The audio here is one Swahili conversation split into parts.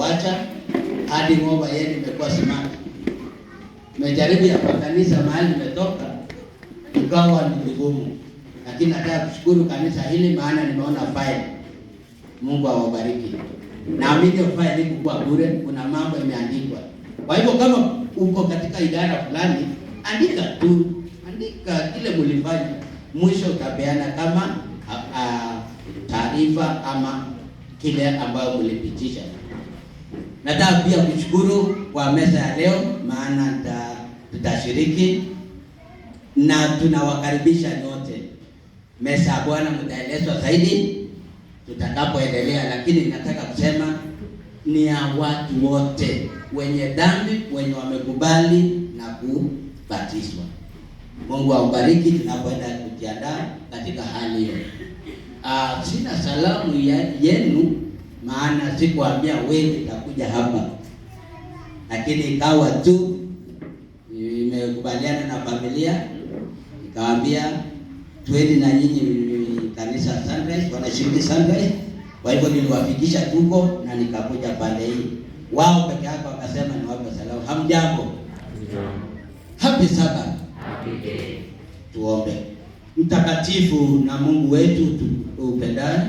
Bawacha hadi Ng'oba yeye imekuwa simama. Nimejaribu hapa kanisa mahali nimetoka ikawa ni vigumu, lakini nataka kushukuru kanisa hili maana nimeona faida. Mungu awabariki. Naamini faida hii bure, kuna mambo yameandikwa. Kwa hivyo kama uko katika idara fulani, andika tu, andika kile mlifanya, mwisho utapeana kama ah, ah, taarifa ama kile ambayo mlipitisha. Nataka pia kushukuru kwa meza ya leo, maana tutashiriki na tunawakaribisha nyote. Meza ya Bwana mtaelezwa zaidi tutakapoendelea, lakini nataka kusema ni ya watu wote wenye dhambi, wenye wamekubali na kubatizwa. Mungu awabariki tunapoenda kujiandaa katika hali hiyo. Ah, sina salamu ya yenu maana sikuambia wewe utakuja hapa, lakini ikawa tu imekubaliana na familia, ikawaambia twende na nyinyi kanisa Sunrise, wanashiriki Sunday. Kwa hivyo niliwafikisha tuko na nikakuja pande hii, wao peke yake wakasema ni wape salamu, hamjambo, happy Sabbath, Tuombe. Mtakatifu na Mungu wetu upendane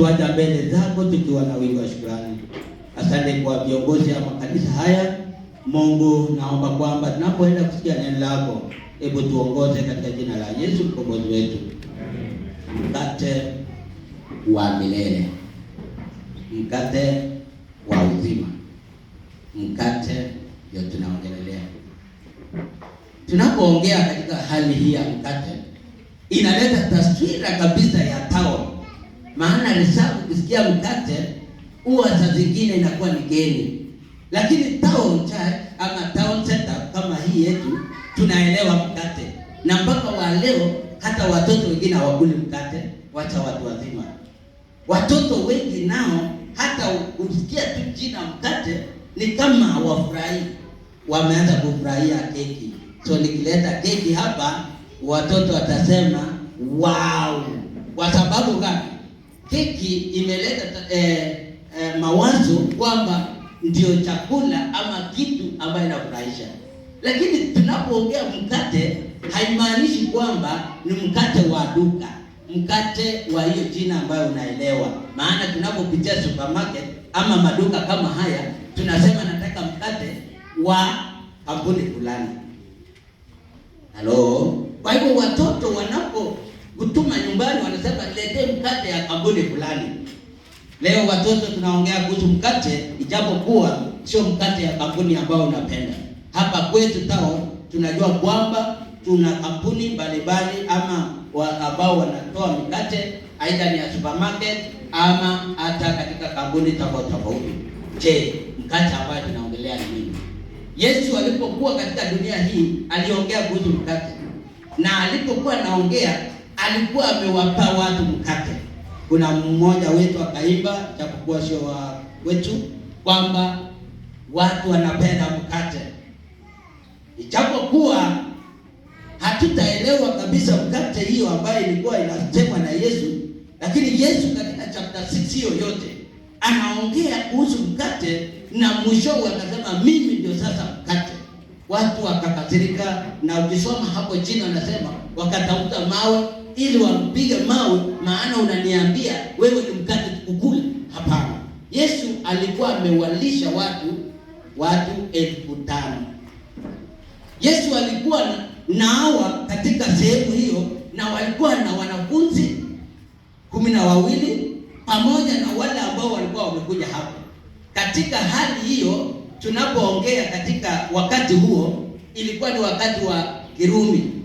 Tuacha mbele zako tukiwa na wingi wa shukrani. Asante kwa viongozi wa makanisa haya. Mungu, naomba kwamba tunapoenda kusikia neno lako, hebu tuongoze katika jina la Yesu mkombozi wetu. Mkate wa milele, mkate wa uzima, mkate ndio tunaongelelea. Tunapoongea katika hali hii ya mkate, inaleta taswira kabisa ya tao maana Risafu kusikia mkate huwa saa zingine inakuwa ni geni, lakini town church ama town center kama hii yetu tunaelewa mkate, na mpaka wa leo hata watoto wengine hawakuli mkate, wacha watu wazima. Watoto wengi nao hata usikia tu jina mkate ni kama hawafurahi, wameanza kufurahia keki. So nikileta keki hapa watoto watasema wow, kwa sababu gani? hiki imeleta eh, eh, mawazo kwamba ndio chakula ama kitu ambayo inafurahisha, lakini tunapoongea mkate haimaanishi kwamba ni mkate wa duka, mkate wa hiyo jina ambayo unaelewa. Maana tunapopitia supermarket ama maduka kama haya, tunasema nataka mkate wa kampuni fulani. Halo, kwa hivyo watoto wana mabonde fulani. Leo watoto tunaongea kuhusu mkate, ijapokuwa sio mkate ya kampuni ambayo unapenda. Hapa kwetu tao tunajua kwamba tuna kampuni mbalimbali ama wa ambao wanatoa mikate aidha ni ya supermarket ama hata katika kampuni tofauti tofauti. Je, mkate ambayo tunaongelea ni nini? Yesu alipokuwa katika dunia hii aliongea kuhusu mkate, na alipokuwa anaongea alikuwa amewapa watu mkate kuna mmoja wetu akaimba, japokuwa sio wa wetu, kwamba watu wanapenda mkate, ijapokuwa hatutaelewa kabisa mkate hiyo ambayo ilikuwa inasemwa na Yesu, lakini Yesu katika chapter 6 hiyo yote anaongea kuhusu mkate, na mwisho akasema mimi ndio sasa mkate. Watu wakakasirika, na ukisoma hapo chini anasema wakatafuta mawe ili wampiga mawe, maana unaniambia wewe ni mkate ukule? Hapana. Yesu alikuwa amewalisha watu watu elfu tano. Yesu alikuwa na hawa katika sehemu hiyo, na walikuwa na wanafunzi kumi na wawili pamoja na wale ambao walikuwa wamekuja hapo. Katika hali hiyo tunapoongea, katika wakati huo ilikuwa ni wakati wa Kirumi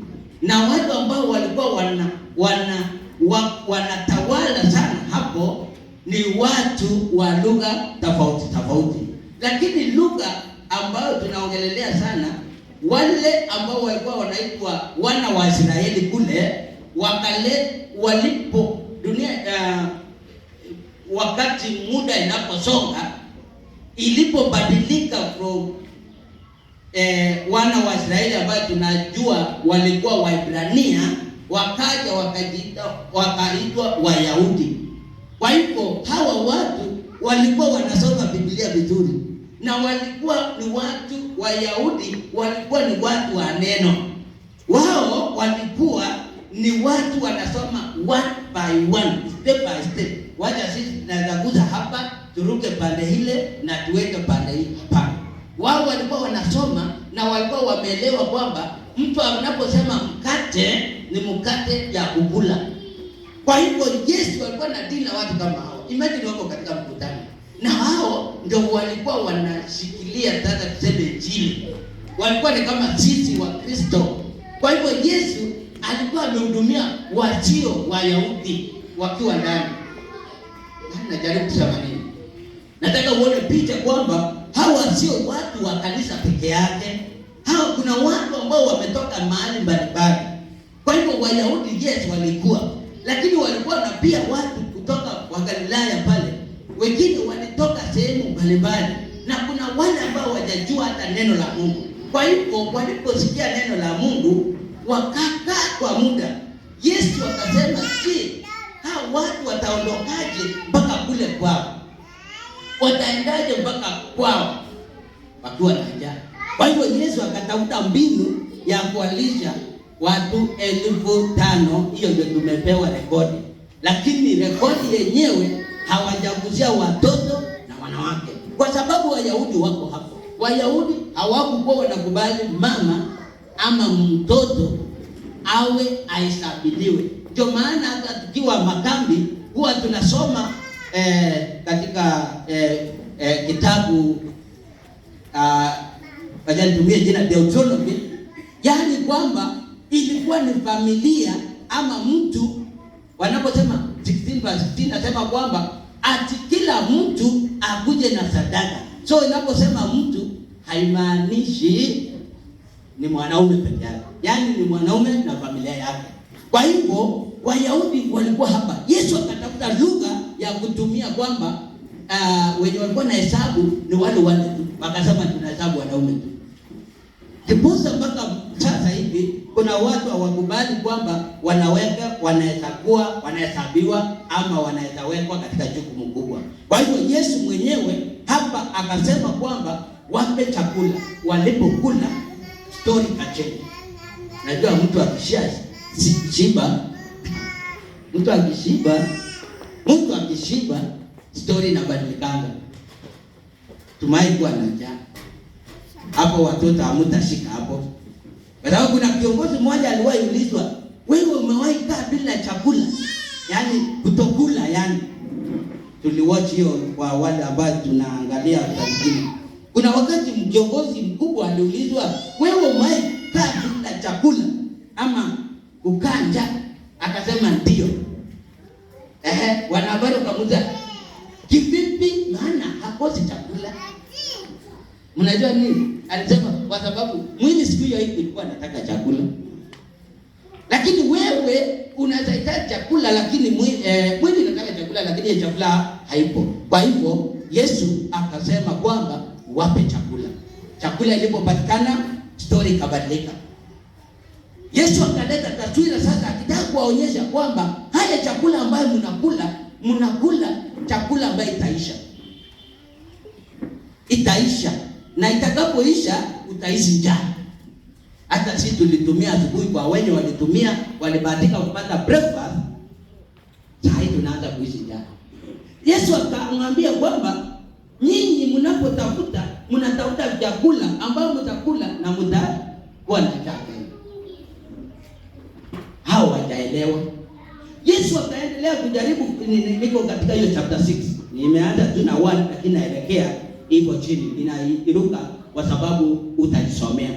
na wale ambao walikuwa wana, wana wa, wanatawala sana hapo ni watu wa lugha tofauti tofauti, lakini lugha ambayo tunaongelelea sana wale ambao walikuwa wanaitwa wana wa Israeli kule wakale walipo dunia uh, wakati muda inaposonga ilipobadilika from eh, wana wa Israeli ambao tunajua walikuwa Waibrania wakaja wakajiita wakaitwa Wayahudi. Kwa hivyo hawa watu walikuwa wanasoma Biblia vizuri na walikuwa ni watu Wayahudi, walikuwa ni watu wa neno. Wao walikuwa ni watu wanasoma one by one, step by step. Wacha sisi tunazaguza hapa, turuke pande ile na tuende pande hii wao walikuwa wanasoma na walikuwa wameelewa kwamba mtu anaposema mkate ni mkate ya kukula. Kwa hivyo Yesu walikuwa na dini na watu kama hao. Imagine wako katika mkutano na hao ndio walikuwa wanashikilia sasa, tuseme Injili, walikuwa ni kama sisi wa Kristo. Kwa hivyo Yesu alikuwa amehudumia wasio Wayahudi wakiwa ndani. Najaribu kusema nini? Nataka uone picha kwamba hawa sio watu wa kanisa peke yake. Hawa kuna watu ambao wametoka mahali mbalimbali. Kwa hivyo Wayahudi, yes, walikuwa lakini walikuwa na pia watu kutoka wa Galilaya pale, wengine walitoka sehemu mbalimbali, na kuna wale ambao wajajua hata neno la Mungu. Kwa hivyo waliposikia neno la Mungu wakakaa kwa muda. Yesu akasema, si hawa watu wataondokaje mpaka kule kwao? wataendaje mpaka kwao wakiwa na njaa? Kwa hivyo Yesu akatafuta mbinu ya kualisha watu elfu tano. Hiyo ndio tumepewa rekodi, lakini rekodi yenyewe hawajaguzia watoto na wanawake, kwa sababu Wayahudi wako hapo. Wayahudi hawakukuwa wanakubali mama ama mtoto awe aisabiliwe. Ndio maana hata tukiwa makambi huwa tunasoma eh, katika eh, eh, kitabu ah, acha nitumie jina Deuteronomy, yaani kwamba ilikuwa ni familia ama mtu wanaposema 16 verse 16 nasema kwamba ati kila mtu akuje na sadaka. So inaposema mtu haimaanishi ni mwanaume peke yake, yaani ni mwanaume na familia yake. Kwa hivyo Wayahudi walikuwa hapa. Yesu akatafuta lugha ya kutumia kwamba uh, wenye walikuwa na hesabu ni wale wale tu, wakasema tunahesabu wanaume tu. Kiposa mpaka sasa hivi kuna watu hawakubali kwamba wanaweka wanaweza wanahesabiwa ama wanaezawekwa katika jukumu kubwa. Kwa hivyo Yesu mwenyewe hapa akasema kwamba wape chakula, walipokula story kacheni. Najua mtu akishia shiba Mtu akishiba, mtu akishiba, stori inabadilikanga. Tumai kuwa na hapo, watoto hamutashika hapo, kwa sababu kuna kiongozi mmoja aliwahi ulizwa, wewe umewahi kaa bila chakula, yaani kutokula, yaani tuliwatch hiyo kwa wale ambao tunaangalia tajiri. Kuna wakati mkiongozi mkubwa aliulizwa, wewe umewahi kaa bila chakula ama ukaa Akasema ndio. Ehe, wanahabari wakamuuliza kivipi, maana hakosi chakula. Mnajua nini? Alisema kwa sababu mwili siku hiyo ilikuwa anataka chakula. Lakini wewe unaweza chakula lakini mwili eh, mwili unataka chakula lakini hiyo chakula haipo. Kwa hivyo Yesu akasema kwamba wape chakula. Chakula ilipopatikana story ikabadilika. Yesu akaleta taswira sasa akitaka kuwaonyesha kwamba yale chakula ambayo mnakula, mnakula chakula ambayo itaisha, itaisha na itakapoisha utaishi njaa. Hata sisi tulitumia asubuhi, kwa wenye walitumia walibahatika kupata breakfast, saa hii tunaanza kuishi njaa. Yesu akamwambia kwamba nyinyi mnapotafuta, mnatafuta vyakula ambayo mtakula na mtakuwa na njaa. Hao wajaelewa Yesu akaendelea kujaribu. Niko katika hiyo chapter 6 nimeanza tu na 1 lakini naelekea hivyo chini, ninairuka kwa sababu utaisomea.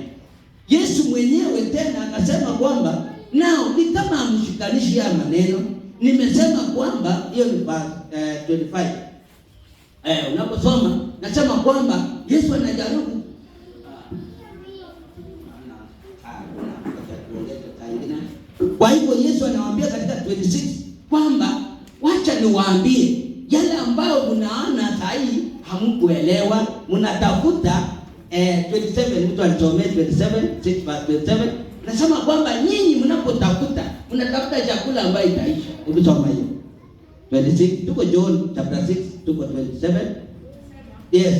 Yesu mwenyewe tena akasema kwamba nao ni kama amshikanishi ya maneno nimesema kwamba hiyo ni verse 25 eh, eh, unaposoma nasema kwamba Yesu anajaribu Kwa hivyo Yesu anawaambia katika 26 kwamba wacha niwaambie yale ambayo mnaona sahi hamkuelewa, mnatafuta eh, 27 mtu alisomea 27 6:27 nasema kwamba nyinyi mnapotafuta mnatafuta chakula ambayo itaisha. Hebu soma hiyo 26, tuko John chapter 6, tuko 27. Yes,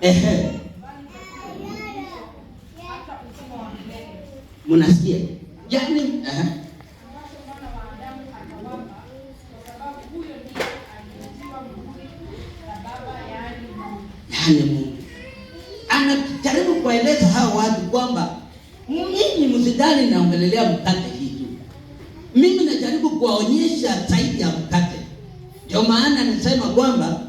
ehe mnasikia yani eh Yani yaani, Mungu anajaribu kueleza hao watu kwamba mimi msidhani naongelelea mkate hii tu. Mimi najaribu kuwaonyesha zaidi ya mkate. Ndio maana nisema kwamba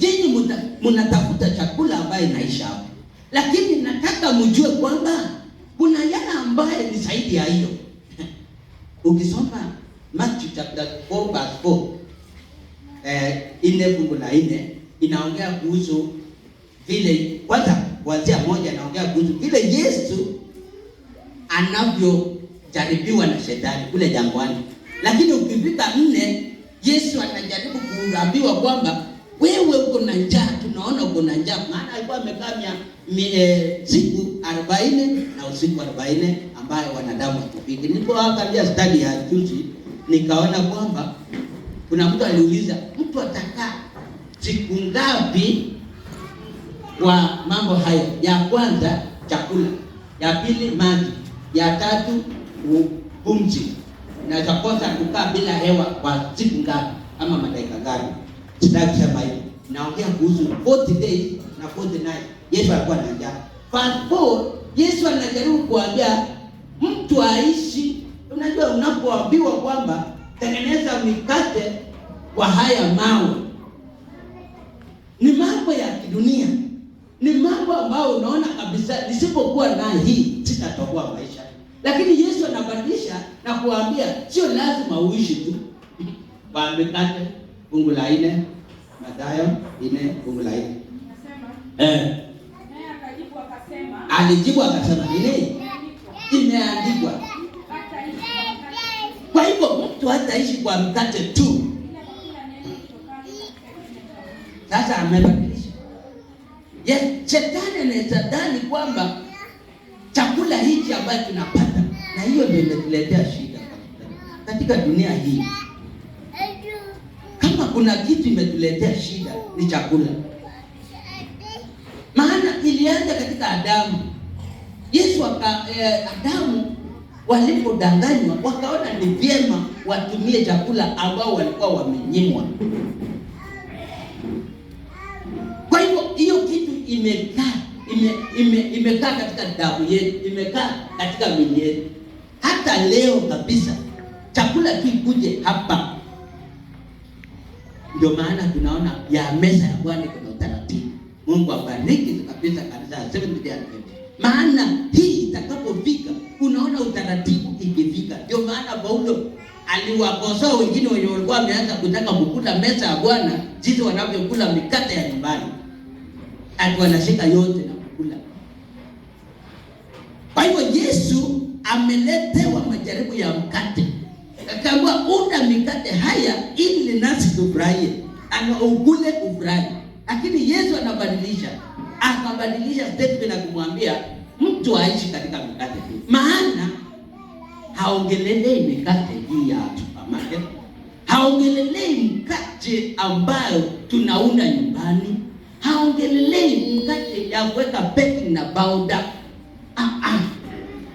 nyinyi mnatafuta chakula ambayo inaisha hapo, lakini nataka mjue kwamba zaidi ya hiyo ukisoma Matthew chapter 4 verse 4 eh, nne fungu la nne inaongea kuhusu vile kwanza, kuanzia moja inaongea kuhusu vile Yesu anavyojaribiwa na shetani kule jangwani, lakini ukifika nne, Yesu anajaribu kuambiwa kwamba wewe uko na njaa, tunaona uko na njaa, maana alikuwa amekaa mia eh, siku arobaini na usiku arobaini ambayo wanadamu hatupiki. Nilipoangalia study ya juzi, nikaona kwamba kuna mtu aliuliza, mtu atakaa siku ngapi kwa mambo hayo? Ya kwanza chakula, ya pili maji, ya tatu pumzi, na cha kukaa bila hewa kwa siku ngapi ama madaika ngapi? Sitaki sema hivi, naongea kuhusu 40 days na 40 nights. Yesu alikuwa na njaa. Fast forward, Yesu anajaribu kuambia mtu aishi. Unajua, unapoambiwa kwamba tengeneza mikate kwa haya mawe, ni mambo ya kidunia, ni mambo ambayo unaona kabisa, nisipokuwa na hii sitatoboa maisha. Lakini Yesu anabadilisha na kuambia, sio lazima uishi tu kwa mikate. Fungu la nne, Mathayo nne fungu la nne. Eh, alijibu akasema nini? imeandikwa. Kwa hivyo mtu hataishi kwa mkate tu. Sasa amebadilisha ye, shetani anatadhani kwamba chakula hichi ambayo tunapata, na hiyo ndio imetuletea shida katika dunia hii. Kama kuna kitu imetuletea shida ni chakula, maana ilianza katika Adamu. Yesu waka, eh, Adamu walipodanganywa wakaona ni vyema watumie chakula ambao walikuwa wamenyimwa. Kwa hivyo hiyo kitu imekaa ime, ime, ime katika damu yetu, imekaa katika mili yetu. Hata leo kabisa chakula kikuje hapa, ndio maana tunaona ya meza ya Bwana kuna utaratibu. Mungu abariki kabisa kanisa Seventh Day Adventist maana hii itakapofika, unaona utaratibu ikifika. Ndio maana Paulo aliwakosoa wengine wenye walikuwa wameanza kutaka kukula meza ya Bwana jinsi wanavyokula mikate ya nyumbani, ati wanashika yote na kukula. Kwa hivyo Yesu ameletewa majaribu ya mkate, akaambiwa una mikate haya ili nasi tufurahie, ana ufurahi lakini Yesu anabadilisha, akabadilisha statement na kumwambia mtu aishi katika mikate tu, maana haongelelei mikate hii ya supermarket, haongelelei mkate ambayo tunaunda nyumbani, haongelelei mkate ya kuweka baking na powder.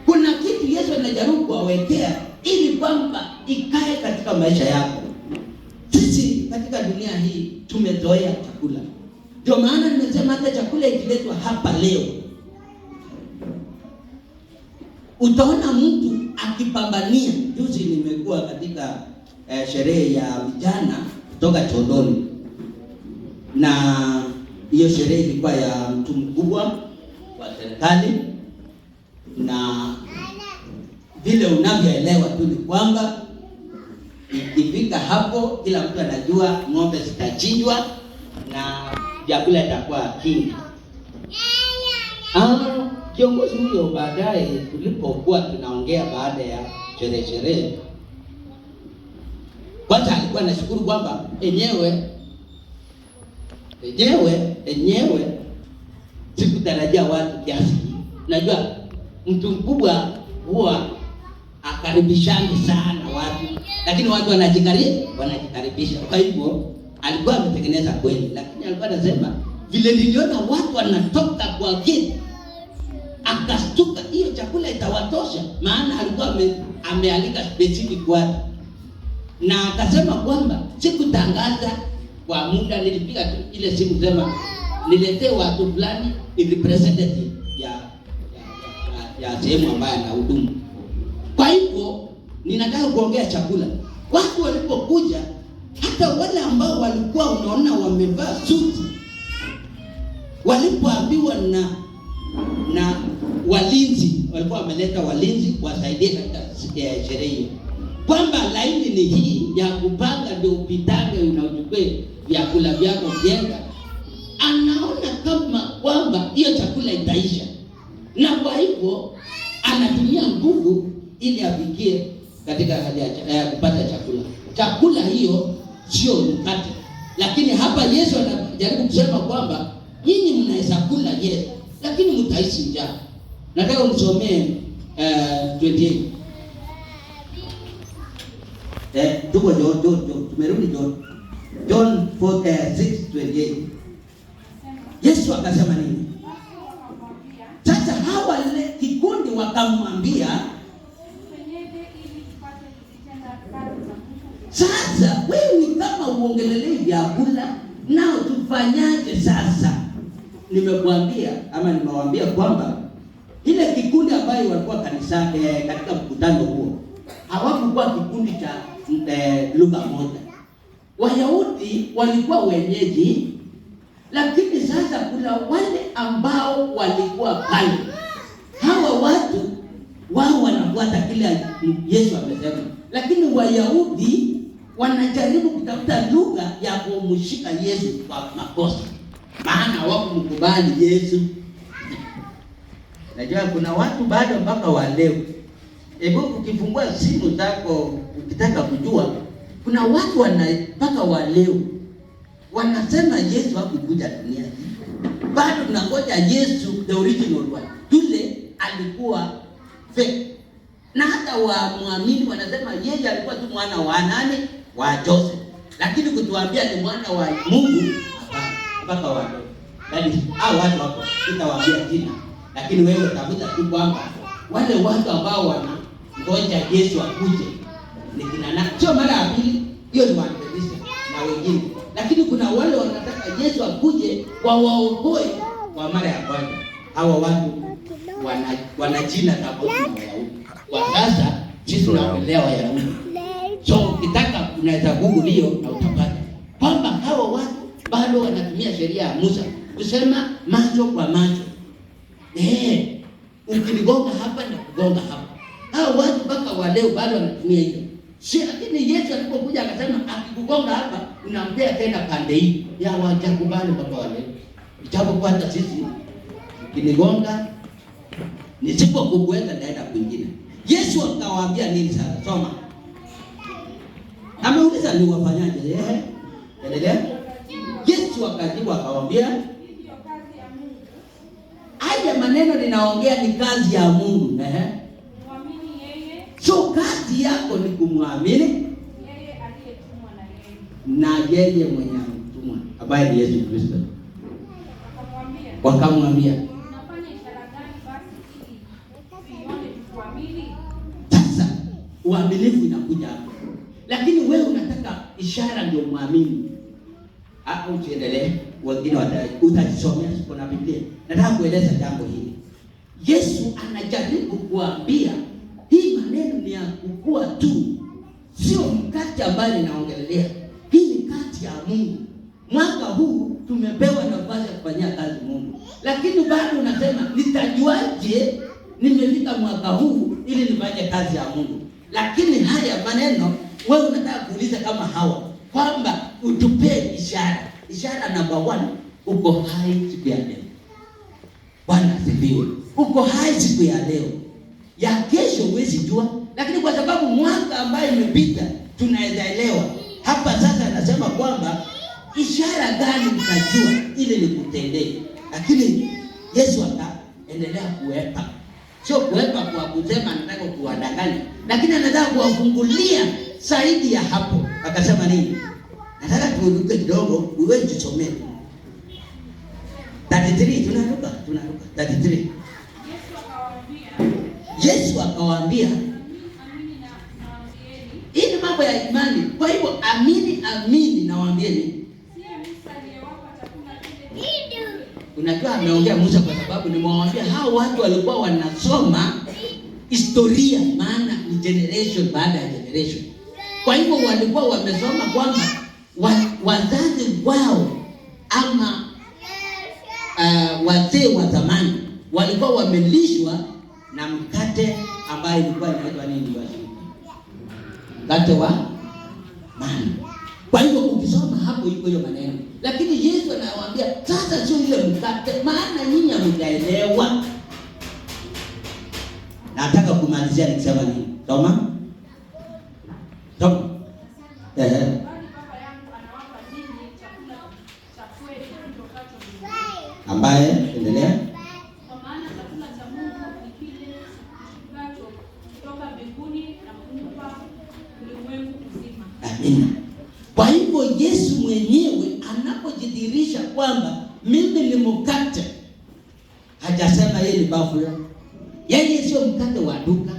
Kuna kitu Yesu anajaribu kuwawekea ili kwamba ikae katika maisha yako. Sisi katika dunia hii tumezoea chakula ndio maana nimesema hata chakula ikiletwa hapa leo, utaona mtu akipambania. Juzi nimekuwa katika eh, sherehe ya vijana kutoka Chondoni, na hiyo sherehe ilikuwa ya mtu mkubwa wa serikali, na vile unavyoelewa tu ni kwamba ikifika hapo, kila mtu anajua ng'ombe zitachinjwa na vyakula itakuwa kingi. Ah, kiongozi huyo baadaye, tulipokuwa tunaongea baada ya sherehe sherehe, kwanza alikuwa anashukuru kwamba enyewe enyewe enyewe sikutarajia watu kiasi. Najua mtu mkubwa huwa akaribishani sana watu, lakini watu wanajikaribisha, wanajikaribisha kwa hivyo alikuwa ametengeneza kweli, lakini alikuwa anasema vile niliona watu wanatoka kwa geti, akastuka, hiyo chakula itawatosha, maana alikuwa ame, amealika specific watu, na akasema kwamba sikutangaza kwa muda, nilipiga tu ile simu sema niletee watu fulani representative ya ya, ya, ya sehemu ambayo na hudumu Kwa hivyo ninataka kuongea chakula, watu walipokuja hata wale ambao walikuwa unaona wamevaa suti walipoambiwa na na walinzi, walikuwa wameleta walinzi wasaidie katika ya sherehe hiyo, kwamba laini ni hii ya kupanga ndio upitange unachukue vyakula vyako vyenda. Anaona kama kwamba hiyo chakula itaisha, na kwa hivyo anatumia nguvu ili afikie katika hali ya eh, kupata chakula. Chakula hiyo sio mkate. Lakini hapa Yesu anajaribu kusema kwamba nyinyi mnaweza kula yes, lakini mtaishi njaa. Nataka msomee uh, eh, 28 eh, tuko John John John, tumerudi John John 6:28. Eh, Yesu akasema nini? Sasa hawa ile kikundi wakamwambia sasa wewe kama uongelelei vyakula, na tufanyaje sasa? Nimekuambia ama nimewaambia kwamba ile kikundi ambayo walikuwa kanisa eh, katika mkutano huo hawakukuwa kikundi cha eh, lugha moja. Wayahudi walikuwa wenyeji, lakini sasa kuna wale ambao walikuwa pale. Hawa watu wao wanafuata kile Yesu amesema, lakini Wayahudi wanajaribu kutafuta lugha ya kumshika Yesu kwa makosa, maana wakumkubali Yesu. Najua kuna watu bado mpaka wa leo. Hebu ukifungua simu zako ukitaka kujua, kuna watu wana mpaka wa leo wanasema Yesu hakukuja dunia hii, bado tunangoja Yesu the original one, yule alikuwa fake. Na hata waamini wanasema yeye alikuwa tu mwana wa nani wa Joseph, lakini kutuambia ni mwana wa Mungu hapana, mpaka wa Yaani hao watu wako sitawaambia jina, lakini wewe utakuta tu kwamba wale watu ambao wana ngoja Yesu akuje ni kina na sio mara ya pili, hiyo ni waandishi na wengine, lakini kuna wale wanataka Yesu akuje kwa waongoe kwa mara ya kwanza. Hawa watu wana, wana jina tofauti na Wayahudi. Kwa sasa sisi tunaongelea Wayahudi, so kitaka unaweza Zabubu ndio na utapata kwamba hawa watu bado wanatumia sheria ya Musa kusema macho kwa macho, eh, ukinigonga hapa na kugonga hapa. Hawa watu mpaka wa leo bado wanatumia hiyo si, lakini Yesu alipokuja akasema akikugonga hapa unampea tena pande hii ya wajakubali mpaka wa leo, ijapokuwa hata sisi ukinigonga nisipokukuweka naenda kwingine. Yesu akawaambia nini sasa? Soma. Ameuliza ni wafanyaje? Ehe, endelea. Yesu akajibu akamwambia, haya maneno ninaongea ni kazi ya Mungu. Eh? muamini yeye. So kazi yako ni kumwamini na yeye, mwenye mtumwa ambaye ni Yesu Kristo. Wakamwambia, unafanya ishara gani basi ili Sasa uaminifu inakuja lakini wewe unataka ishara ndio muamini. Hapo tuendelee, wengine utajisomea, na Biblia. Nataka kueleza jambo hili. Yesu anajaribu kuambia hii maneno ni ya kukua tu, sio mkate ambayo ninaongelelea Hii ni kati ya Mungu. Mwaka huu tumepewa nafasi ya kufanyia kazi Mungu, lakini bado unasema nitajuaje nimefika mwaka huu ili nifanye kazi ya Mungu? Lakini haya maneno wewe unataka kuuliza kama hawa kwamba utupee ishara. Ishara namba one, uko hai siku ya leo. Bwana asifiwe. Uko hai siku ya leo, ya kesho huwezi jua, lakini kwa sababu mwaka ambayo imepita tunaweza elewa. Hapa sasa anasema kwamba ishara gani mtajua ile nikutendee, lakini Yesu akaendelea kuwepa, sio kuwepa kwa kusema nataka kuwadanganya, lakini anataka kuwafungulia zaidi ya hapo akasema nini? Nataka turuke kidogo, uwe njichomee 33 tunaruka tunaruka 33. Yesu akawaambia hii ni mambo ya imani. Kwa hivyo amini, amini nawaambieni, unajua ameongea Musa kwa sababu nimewaambia hao watu walikuwa wanasoma historia, maana ni generation baada ya generation kwa hivyo walikuwa wamesoma kwamba wazazi wao ama uh, wazee wa zamani walikuwa wamelishwa na mkate ambayo ilikuwa inaitwa nini? Mkate wa mani Kwa hivyo ukisoma hapo iko hiyo maneno, lakini Yesu anawaambia sasa, sio ile mkate, maana nyinyi hamjaelewa. Nataka kumalizia nikisema nini? Toma Ambaye endelea Amina. Kwa hivyo Yesu mwenyewe anapojidhihirisha kwamba mimi ni mkate, hajasema yeye ni bafu, yeye sio mkate wa duka,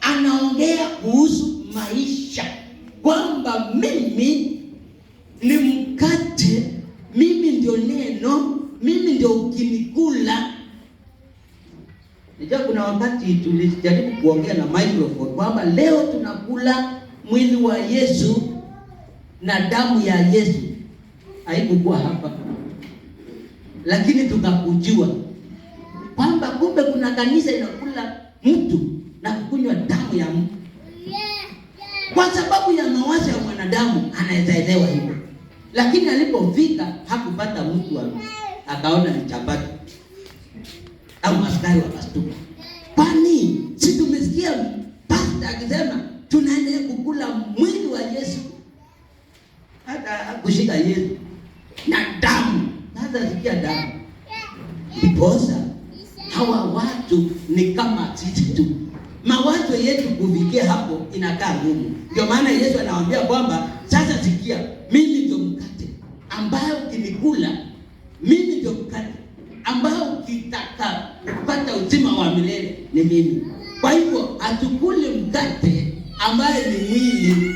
anaongea kuhusu maisha kwamba mimi ni mkate, mimi ndio neno, mimi ndio ukinikula. Nijua kuna wakati tulijaribu kuongea na microphone kwamba leo tunakula mwili wa Yesu na damu ya Yesu. Haikukuwa hapa, lakini tukakujua kwamba kumbe kuna kanisa inakula mtu na kukunywa damu ya mtu. Kwa sababu ya mawazo ya mwanadamu anaweza elewa hivyo, lakini alipofika hakupata mtu akaona ni chapati au askari wa pastuka. Kwani si tumesikia pasta akisema tunaendelea kukula mwili wa Yesu hata kushika Yesu na damu, hata sikia damu. Ndiposa hawa watu ni kama sisi tu mawazo yetu kufikia hapo inakaa ngumu. Ndio maana Yesu anawaambia kwamba sasa, sikia, mimi ndio mkate ambao kinikula mimi ndio mkate ambao kitaka kupata uzima wa milele ni mimi. Kwa hivyo hatukuli mkate ambaye ni mwili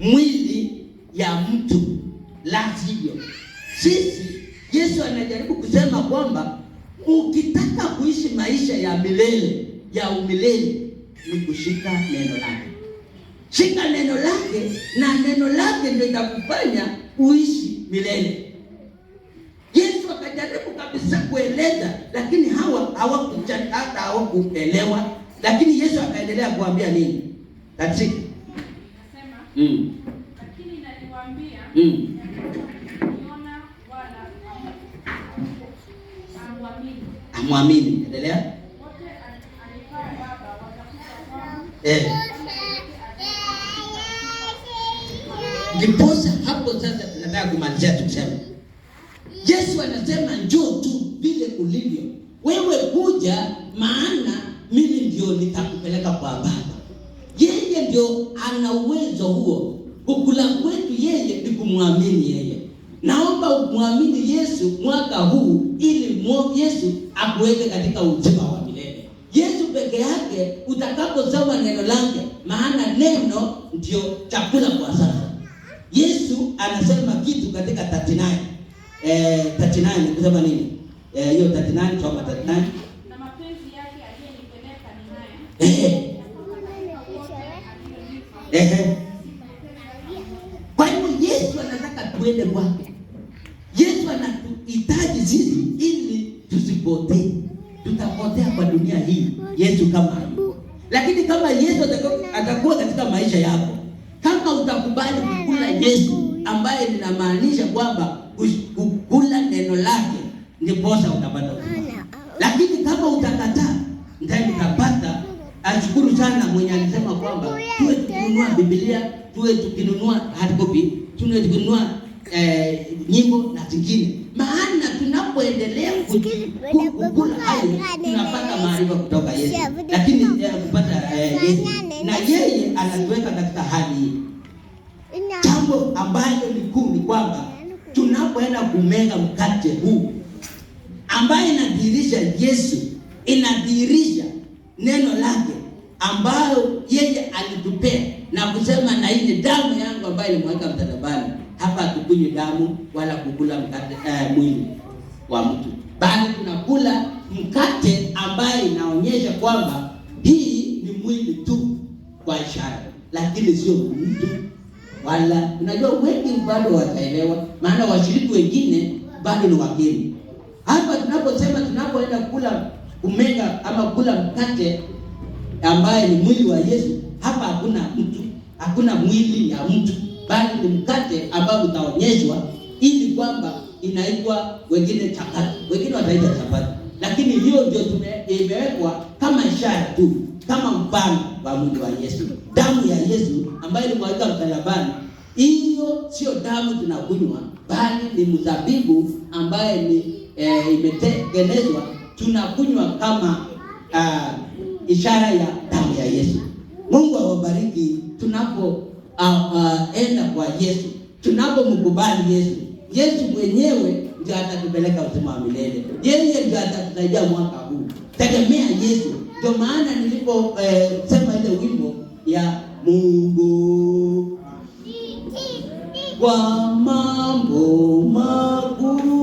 mwili ya mtu, la sivyo sisi. Yesu anajaribu kusema kwamba ukitaka kuishi maisha ya milele ya umilele ni kushika neno lake. Shika neno lake, na neno lake ndio itakufanya uishi milele. Yesu akajaribu kabisa kueleza, lakini hawa hawakuchata hata hawakuelewa. Lakini Yesu akaendelea kuambia nini katika mm. mm. amwamini. Endelea. Eh. Ndiposa hapo sasa nataka kumalizia tukisema, Yesu anasema njoo tu vile ulivyo wewe, kuja maana mimi ndio nitakupeleka kwa Baba. Yeye ndio ana uwezo huo. Kukula kwetu yeye ni kumwamini yeye. Naomba umwamini Yesu mwaka huu, ili Yesu akuweke katika uzima Yesu peke yake utakapozama neno lake, maana neno ndio chakula kwa sasa. Yesu anasema kitu katika 39 eh, 39 kusema nini eh, hiyo eh, 39 soma 39 Ehe. Kwa hiyo Yesu anataka tuende kwake. Yesu anatuhitaji sisi ili tusipotee tutapotea kwa dunia hii Yesu kama hayupo. Lakini kama Yesu atakuwa katika maisha yako, kama utakubali kukula Yesu, ambaye linamaanisha kwamba kukula neno lake, ndiposa utapata uzima. Lakini kama utakataa, ndiye utapata Ashukuru sana mwenye alisema kwamba tuwe tukinunua Biblia, tuwe tukinunua hard copy, tuwe tukinunua eh, nyimbo na zingine maana tunapoendelea tunapata maarifa kutoka Yesu, lakini ndio kupata eh, na yeye anatuweka katika hali hii. Jambo ambalo ni kuu ni kwamba tunapoenda kumega mkate huu ambaye inadhihirisha Yesu, inadhihirisha neno lake ambayo yeye alitupea na kusema, na ile damu yangu ambayo ilimweka msalabani hapa hatukunywi damu wala kukula mkate eh, mwili wa mtu, bali tunakula mkate ambaye inaonyesha kwamba hii ni mwili tu kwa ishara, lakini sio mtu wala. Unajua wengi bado wataelewa, maana washiriki wengine bado ni wageni hapa. Tunaposema tunapoenda kula umega ama kula mkate ambaye ni mwili wa Yesu, hapa hakuna mtu, hakuna mwili ya mtu bali ni mkate ambao utaonyeshwa, ili kwamba inaitwa wengine chapati, wengine wataita chapati, lakini hiyo ndio imewekwa kama ishara tu, kama mfano wa mwili wa Yesu, damu ya Yesu ambayo ilimwagika msalabani. Hiyo sio damu tunakunywa, bali ni mzabibu ambaye ni e, imetengenezwa tunakunywa kama uh, ishara ya damu ya Yesu. Mungu awabariki tunapo akaenda kwa Yesu. Tunapomkubali Yesu, Yesu mwenyewe ndiye atatupeleka uzima wa milele. Yeye ndiye atatusaidia mwaka huu, tegemea Yesu. Ndio maana nilipo eh, sema ile wimbo ya Mungu kwa mambo makuu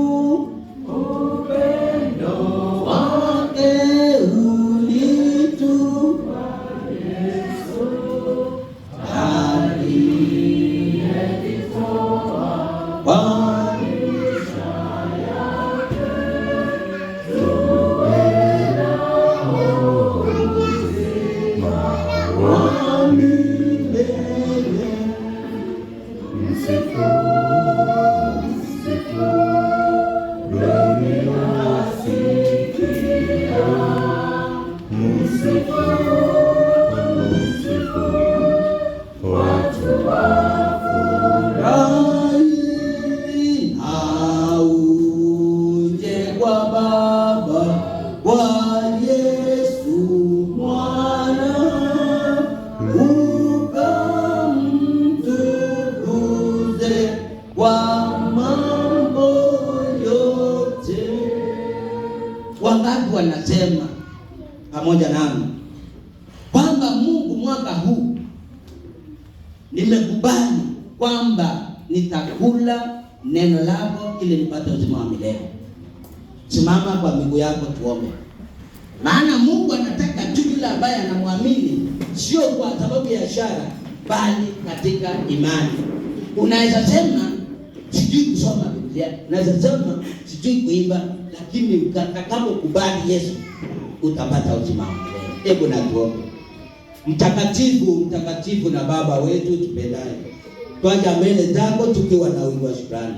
Simama kwa miguu yako tuombe. Maana Mungu anataka tu yule ambaye anamwamini, sio kwa sababu ya ishara, bali katika imani. Unaweza sema sijui kusoma Biblia, unaweza sema sijui kuimba, lakini kubali Yesu utapata uzima Hebu na tuombe. Mtakatifu, mtakatifu na Baba wetu tupendaye, twaja mbele zako tukiwa na wingi wa shukrani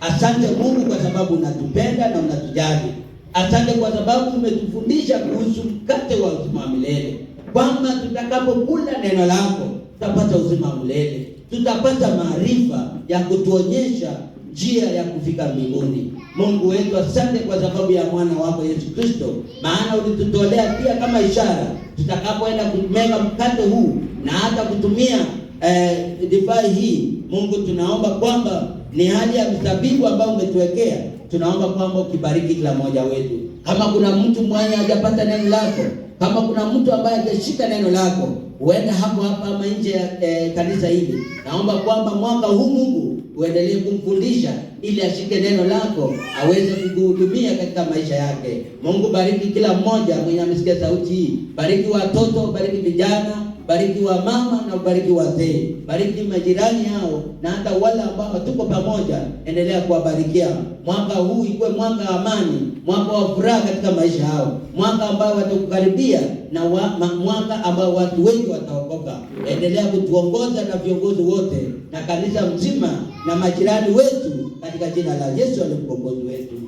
Asante Mungu kwa sababu unatupenda na unatujali. Asante kwa sababu umetufundisha kuhusu mkate wa uzima wa milele, kwamba tutakapokula neno lako tutapata uzima wa milele, tutapata maarifa ya kutuonyesha njia ya kufika mbinguni. Mungu wetu, asante kwa sababu ya mwana wako Yesu Kristo, maana ulitutolea pia kama ishara, tutakapoenda kumega mkate huu na hata kutumia eh, divai hii. Mungu tunaomba kwamba ni hali ya msabibu ambayo umetuwekea, tunaomba kwamba ukibariki kila mmoja wetu. Kama kuna mtu mwanya hajapata neno lako, kama kuna mtu ambaye hajashika neno lako, uende hapo hapa ama nje ya eh, kanisa hili, naomba kwamba mwaka huu Mungu uendelee kumfundisha ili ashike neno lako aweze kukuhudumia katika maisha yake. Mungu bariki kila mmoja mwenye amesikia sauti hii, bariki watoto, bariki vijana bariki wa mama na bariki wazee, bariki majirani yao na hata wale ambao tuko pamoja, endelea kuwabarikia. Mwaka huu ikuwe mwaka amani, mwaka wa furaha katika maisha yao, mwaka ambao watakukaribia na wa, mwaka ambao watu wengi wataokoka. Endelea kutuongoza na viongozi wote na kanisa mzima na majirani wetu katika jina la Yesu aliye mkombozi wetu.